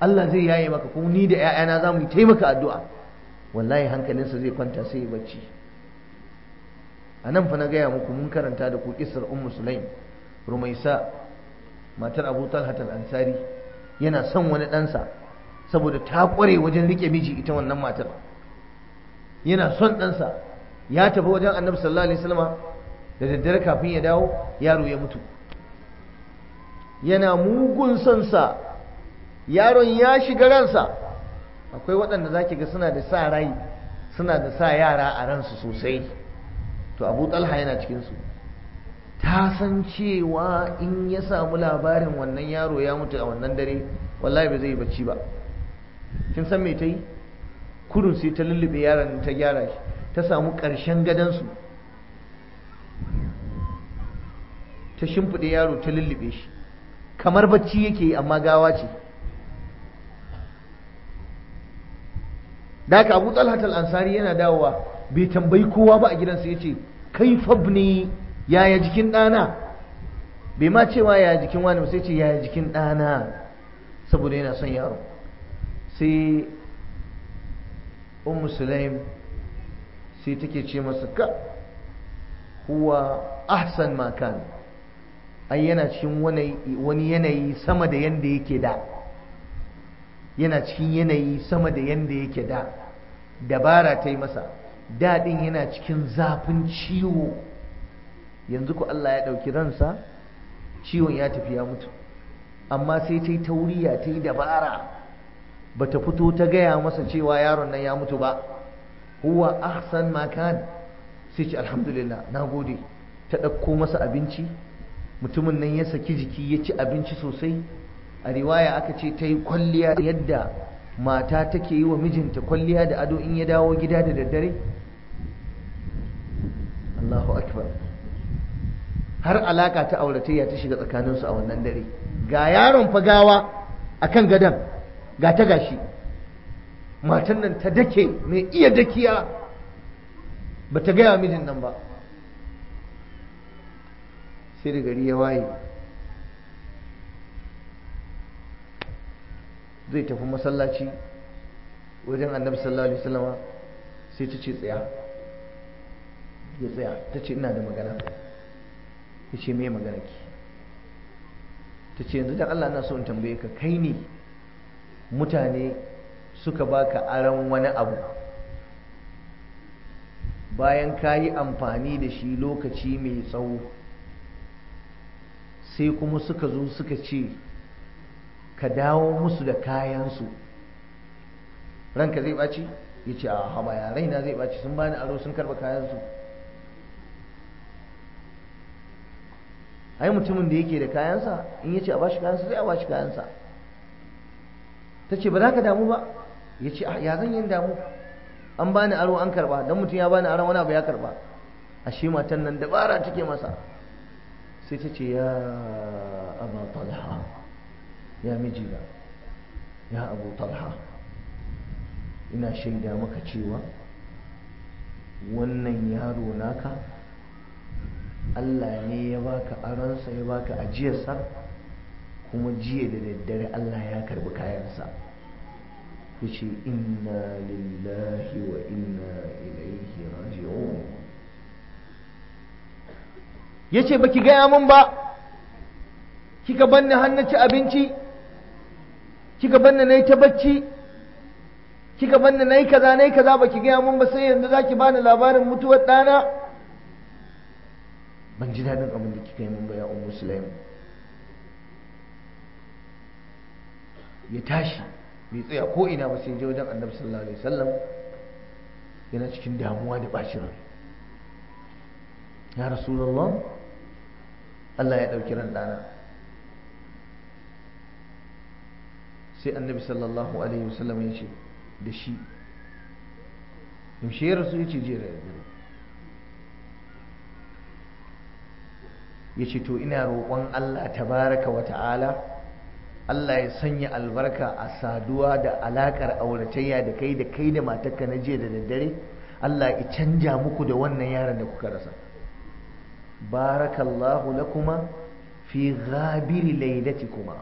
Allah zai yaye maka ko ni da ƴaƴana za mu yi taimaka addu'a wallahi hankalinsa zai kwanta sai ya bacci a nan fa na gaya muku mun karanta da ku kisar ummu sulaim rumaisa matar abu talhatal ansari yana son wani ɗansa saboda ta ƙware wajen riƙe miji ita wannan matar yana son ɗansa ya tafi wajen annabi sallallahu alaihi wasallam da daddare kafin ya dawo yaro ya mutu yana mugun sonsa, yaron ya shiga ransa akwai waɗanda za ki ga suna da sa rai suna da sa yara a ransu sosai to abu talha yana su ta san cewa in ya samu labarin wannan yaro ya mutu a wannan dare wallahi ba zai yi bacci ba kin san me ta yi kurun sai ta lullube yaron ta gyara shi ta samu ƙarshen su. ta shimfiɗe yaro ta lullube shi kamar bacci yake amma gawa ce da aka abu talhat ansari yana dawowa bai tambayi kowa ba a gidansa ya ce kai fabni yaya jikin ɗana bai ma cewa yaya jikin wani sai ce yaya jikin ɗana saboda yana son yaro sai ummu sulaim sai take ce masa ka huwa ahsan makan ai yana cikin wani yanayi sama da yanda yake da yana cikin yanayi sama da yanda yake da dabara ta yi masa daɗin yana cikin zafin ciwo yanzu ku Allah ya ɗauki ransa ciwon ya tafi ya mutu amma sai ta yi tauriya ta yi dabara bata fito ta gaya masa cewa yaron nan ya mutu ba huwa ahsan ma sai ce alhamdulillah nagode ta ɗauko masa abinci mutumin nan ya saki jiki ya ci abinci sosai a riwaya aka ce ta yi kwalliya yadda mata take yi wa mijinta kwalliya da ado in ya dawo gida da daddare Allahu akbar har alaka ta auratayya ta shiga tsakaninsu a wannan dare ga yaron fagawa a kan gadan ga ta gashi matan nan ta dake mai iya dakiya ba ta gaya mijin nan ba sai da gari ya waye zai tafi masallaci wajen annabi sallallahu alaihi wasallama sai ta ce tsaya ya tsaya ta ce ina da magana ya ce me magana ki ta ce yanzu dan Allah na so in tambaye ka kai ne mutane suka baka aron wani abu bayan ka yi amfani da shi lokaci mai tsawo sai kuma suka zo suka ce ka dawo musu da kayansu ranka zai ɓaci ya ce a haɓa ya raina zai ɓaci sun bani aro sun karɓa kayansu ai mutumin da yake da kayansa in ya ce a bashi kayansa zai a bashi kayansa ta ce ba za ka damu ba ya ce ah, ya zan yin damu an bani aro an karba don mutum ya bani aron wani abu ya karba ashe matan nan dabara take masa sai ta ce ya abu talha ya miji ba, ya abu talha ina shaida maka cewa wannan yaro naka Allah ne ya baka aronsa ya baka ajiyarsa kuma jiya da daddare Allah ya karbi kayansa ya ce inna lillahi wa inna ilaihi raji'un yace baki gaya mun ba kika banna hannaci abinci kika banna na ta bacci kika banna na kaza nayi kaza baki gaya mun ba sai yanzu zaki bani labarin mutuwar ɗana ban ji daɗin abin da kika yi mun ba ya ummu sulaiman ya tashi bai tsaya ko ina ba sai je wajen annabi sallallahu alaihi wasallam yana cikin damuwa da bacin rai ya rasulullah Allah ya dauki ran dana sai annabi sallallahu alaihi wasallam ya ce da shi yaushe ya rasu ya ce jiya da dare ya ce to ina roƙon Allah tabaraka wa ta'ala Allah ya sanya albarka a saduwa da alakar auratayya da kai da kai da matarka na jiya da daddare Allah ya canja muku da wannan yaron da kuka rasa barakallahu lakuma fi ghabiri kuma.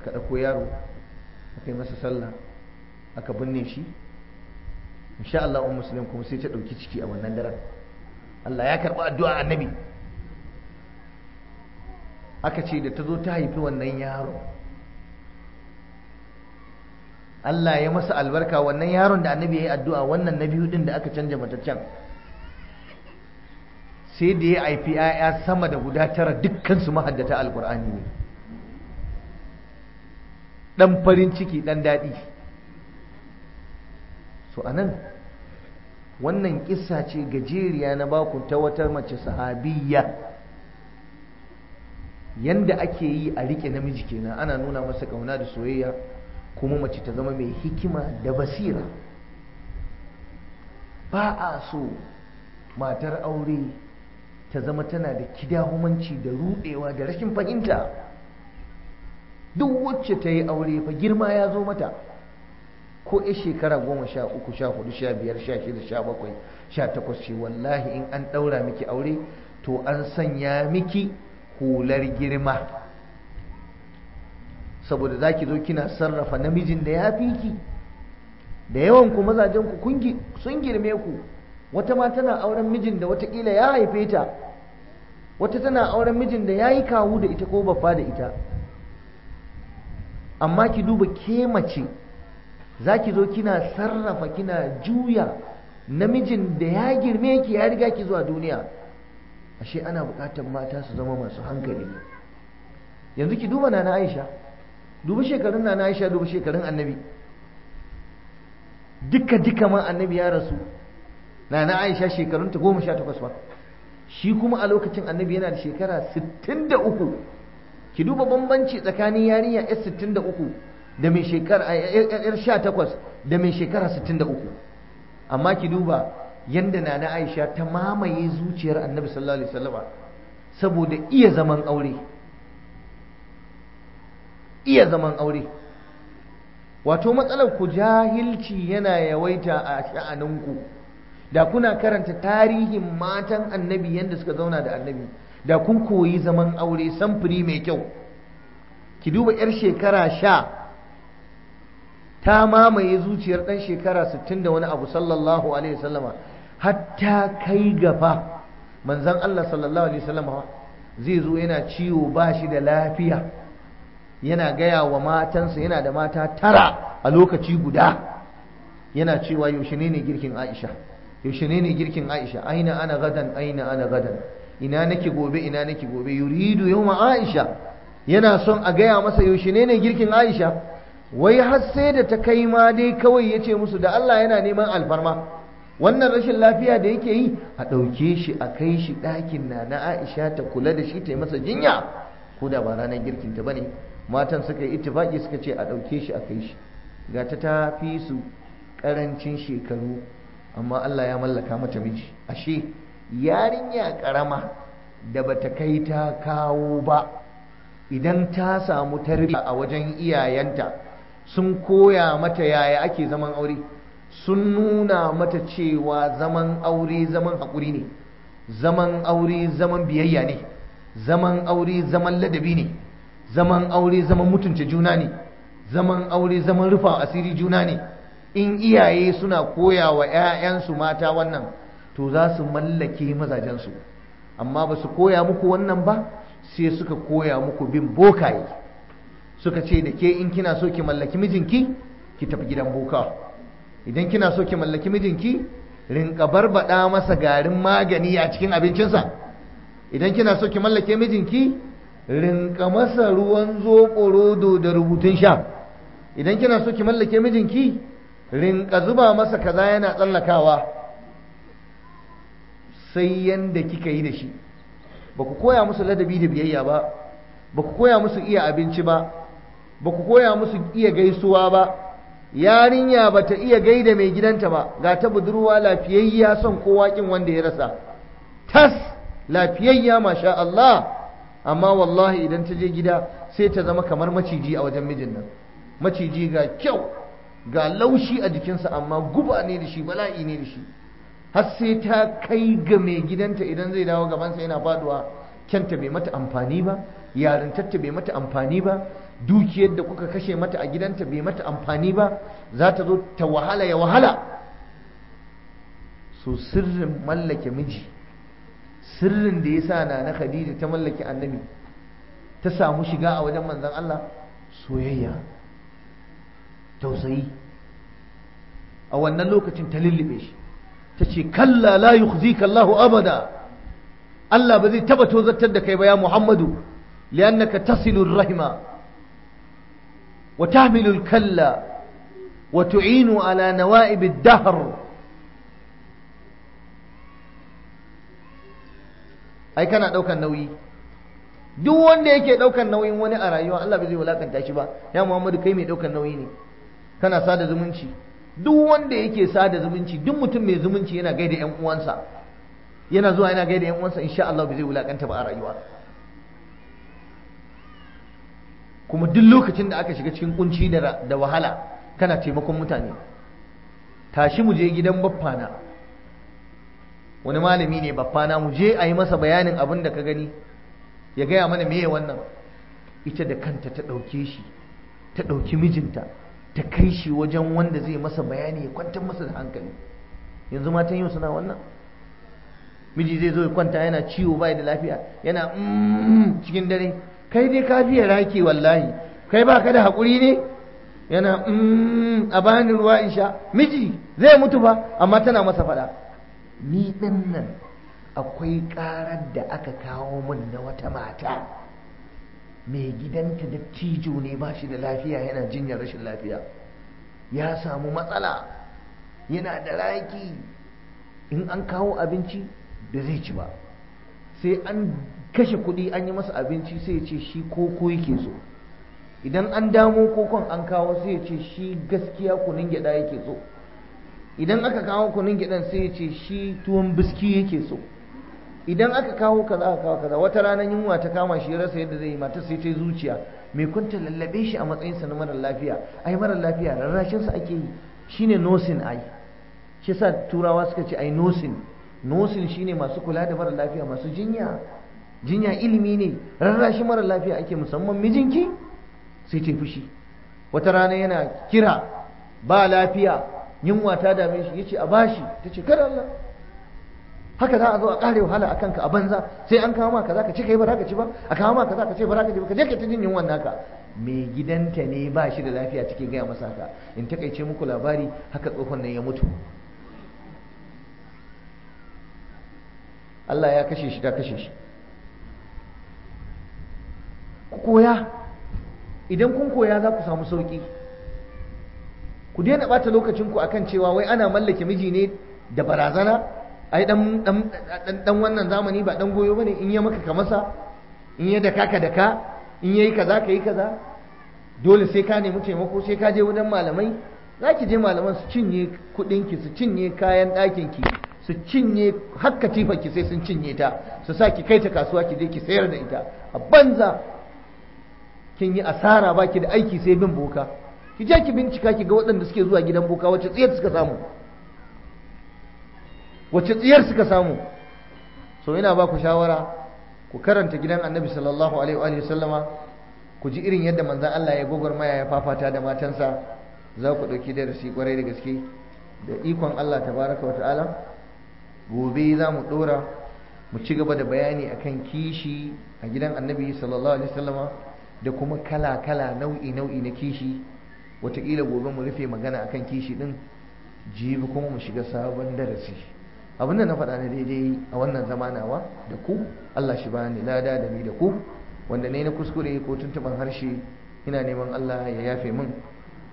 aka ɗauko yaro aka yi masa sallah aka binne shi insha Allah um muslim kuma sai ta ɗauki ciki a wannan daren Allah ya karɓi addu'a annabi aka ce da ta zo ta haifi wannan yaron. Allah ya masa albarka wannan yaron da annabi ya yi addu'a wannan na biyu din da aka canja mataccen sai da ya haifi ‘ya'ya sama da guda tara dukkansu mahaddata alkur'ani ne ɗan farin ciki ɗan daɗi so anan wannan ƙisa ce gajeriya na baku ta wata mace sahabiyya yanda ake yi a rike namiji kenan ana nuna masa kauna da soyayya kuma mace ta zama mai hikima da basira ba a so matar aure ta zama tana da kidahumanci da rudewa da rashin fahimta duk wacce ta yi aure fa girma ya zo mata ko ya shekara goma sha uku sha hudu sha biyar sha shida sha bakwai sha takwas ce wallahi in an ɗaura miki aure to an sanya miki hular girma saboda za ki zo kina sarrafa namijin da ya fi ki da yawan ku mazajen sun girme ku wata ma tana auren mijin da watakila ya haife ta wata tana auren mijin da ya yi kawu da ita ko babba da ita amma ki duba ke mace za ki zo kina sarrafa kina juya namijin da ya girme ki ya riga ki zuwa duniya ashe ana buƙatar mata su zama masu hankali yanzu ki duba nana aisha duba shekarun nana aisha duba shekarun annabi duka duka ma annabi ya rasu nana aisha shekarunta goma sha takwas ba shi kuma a lokacin annabi yana da shekara sittin da uku ki duba bambanci tsakanin yarinya yar sittin da uku da mai shekara yar sha takwas da mai shekara sittin da uku amma ki duba yanda na na aisha ta mamaye zuciyar annabi sallallahu alaihi wasallama saboda iya zaman aure iya zaman aure wato matsalar ku jahilci yana yawaita a sha'aninku da kuna karanta tarihin matan annabi yadda suka zauna da annabi da kun koyi zaman aure samfuri mai kyau ki duba 'yar shekara sha ta mamaye zuciyar ɗan shekara 60 da wani abu sallallahu alaihi wasallama hatta kai gafa manzan Allah sallallahu alaihi wasallam zai zo yana ciwo ba shi da lafiya yana gaya wa matansa yana da mata tara a lokaci guda yana cewa yaushe ne ne girkin Aisha yaushe ne ne girkin Aisha aina ana gadan aina ana gadan ina nake gobe ina nake gobe yuridu yawma Aisha yana son a gaya masa yaushe ne ne girkin Aisha wai har sai da ta kai ma dai kawai yace musu da Allah yana neman alfarma wannan rashin lafiya da yake yi a ɗauke shi a kai shi ɗakin na na aisha ta kula da shi ta yi masa jinya ko da ba ranar girkin ta bane matan suka yi baƙi suka ce a ɗauke shi a kai shi ga ta fi su ƙarancin shekaru amma Allah ya mallaka mata miji ashe yarinya ƙarama da bata kai ta kawo ba idan ta samu tarbiyya a wajen iyayenta sun koya mata yaya ake zaman aure sun nuna mata cewa zaman aure zaman haƙuri ne zaman aure zaman biyayya ne zaman aure zaman ladabi ne zaman aure zaman mutunta juna ne zaman aure zaman rufa asiri juna ne in iyaye suna koya wa 'ya'yansu mata wannan to za su mallake mazajensu amma ba su koya muku wannan ba sai suka koya muku bin bokaye suka ce da ke in kina so ki mallaki mijinki ki tafi gidan boka idan kina so ki mallaki mijinki rinka barbada masa garin magani a cikin abincinsa idan kina so ki mallake mijinki rinka masa ruwan zoɓo rodo da rubutun sha idan kina so ki mallake mijinki rinka zuba masa kaza yana tsallakawa sai yanda kika yi da shi ba ku koya musu ladabi da biyayya ba ba ku koya musu iya abinci ba ba ku koya musu iya gaisuwa ba yarinya bata iya gaida mai gidanta ba ga ta budurwa lafiyayya son kowa kin wanda ya rasa tas lafiyayya masha Allah amma wallahi idan ta je gida sai ta zama kamar maciji a wajen mijin nan maciji ga kyau ga laushi a jikinsa amma guba ne da shi bala'i ne da shi har sai ta kai ga mai gidanta idan zai dawo gabansa yana faduwa kyanta bai mata amfani ba yarintarta bai mata amfani ba dukiyar da kuka kashe mata a gidanta bai mata amfani ba za ta zo ta wahala ya wahala so sirrin mallake miji sirrin da ya sa na na khadija ta mallake annabi ta samu shiga a wajen manzan Allah soyayya tausayi a wannan lokacin ta lullube shi ta ce kalla la yukhzika Allahu abada Allah ba zai taba tozartar da kai ba ya Muhammadu li'annaka tasilur rahima وتحمل الكل وتعين على نوائب الدهر ai kana daukan nauyi duk wanda yake daukan nauyin wani a rayuwa Allah bai zai wulakanta shi ba ya Muhammadu kai mai daukan nauyi ne kana sada zumunci duk wanda yake sada zumunci duk mutum mai zumunci yana gaida yan uwansa yana zuwa yana gaida yan uwansa insha Allah bai zai wulakanta ba a rayuwa kuma duk lokacin da aka shiga cikin kunci da wahala kana taimakon mutane tashi mu je gidan baffana wani malami ne baffana mu je a yi masa bayanin abin da ka gani ya gaya mana meye wannan ita da kanta ta ɗauke shi ta ɗauki mijinta ta kai shi wajen wanda zai masa bayani ya kwantar masa da hankali yanzu matan yau suna wannan miji zai zo ya kwanta yana ciwo bai da lafiya yana mm, cikin dare kai dai ka fiye raki wallahi kai ba ka da haƙuri ne yana mm, a bani ruwa in sha miji zai mutu ba amma tana masa faɗa ni ɗin nan akwai ƙarar da aka kawo min na wata mata mai gidanta da tijo ne ba shi da lafiya yana jinyar rashin lafiya ya samu matsala yana da raki in an kawo abinci da zai ci ba sai an kashe kuɗi an yi masa abinci sai ya ce shi koko yake so idan an damo kokon an kawo sai ya ce shi gaskiya kunun gyaɗa yake so idan aka kawo kunun gyaɗan sai ya ce shi tuwon biski yake so idan aka kawo kaza aka kawo kaza wata ranar yunwa ta kama shi rasa yadda zai yi mata sai ta zuciya mai kunta lallabe shi a matsayinsa na marar lafiya ai marar lafiya rarrashinsa ake yi shine nosin ai shi sa turawa suka ce ai nosin nosin shine masu kula da marar lafiya masu jinya jinya ilimi ne rarrashi mara lafiya ake musamman mijinki sai ta fushi wata rana yana kira ba lafiya yunwa ta dame shi ya ce a bashi Ta ce kada Allah haka za a zo a kare wahala a kanka a banza sai an kama ma kaza ka ce kai ba ka ci ba a kama ma kaza ka ce ba ka ci ba ka je ka ta jin yunwan naka mai gidanta ne ba shi da lafiya take gaya masa haka in takaice muku labari haka tsohon nan ya mutu Allah ya kashe shi ta kashe shi koya idan kun koya za ku samu sauƙi ku daina ɓata lokacinku akan cewa wai ana mallake miji ne da barazana ai dan wannan zamani ba dan goyo bane in ya maka ka masa in ya daka ka daka in yayi kaza ka yi kaza dole sai ka nemi taimako sai ka je wajen malamai za ki je malaman su cinye ki su cinye kayan ɗakinki su cinye har katifarki sai sun cinye ta su sa ki kai ta kasuwa ki je ki sayar da ita a banza kin yi asara baki da aiki sai bin boka ki je ki bincika ki ga waɗanda suke zuwa gidan boka wacce tsiyar suka samu wacce tsiyar suka samu so ina ba ku shawara ku karanta gidan annabi sallallahu alaihi wa sallama ku ji irin yadda manzon Allah ya gwagwarmaya ya fafata da matansa za ku ɗauki darasi kwarai da gaske da ikon Allah tabaraka wa ta'ala gobe za mu ɗora mu ci gaba da bayani akan kishi a gidan annabi sallallahu alaihi sallama da kuma kala-kala nau'i-nau'i na kishi wataƙila gobe mu rufe magana akan kishi ɗin jibi kuma mu shiga sabon darasi abin da na faɗa na daidai a wannan zamanawa da ku Allah shi ba lada da ni da ku wanda ne na kuskure ko tuntuban harshe ina neman Allah ya yafe min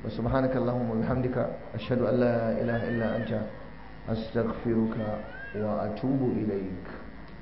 wa subhanaka allahumma bihamdika ashhadu an la ilaha illa anta astaghfiruka wa atubu ilaik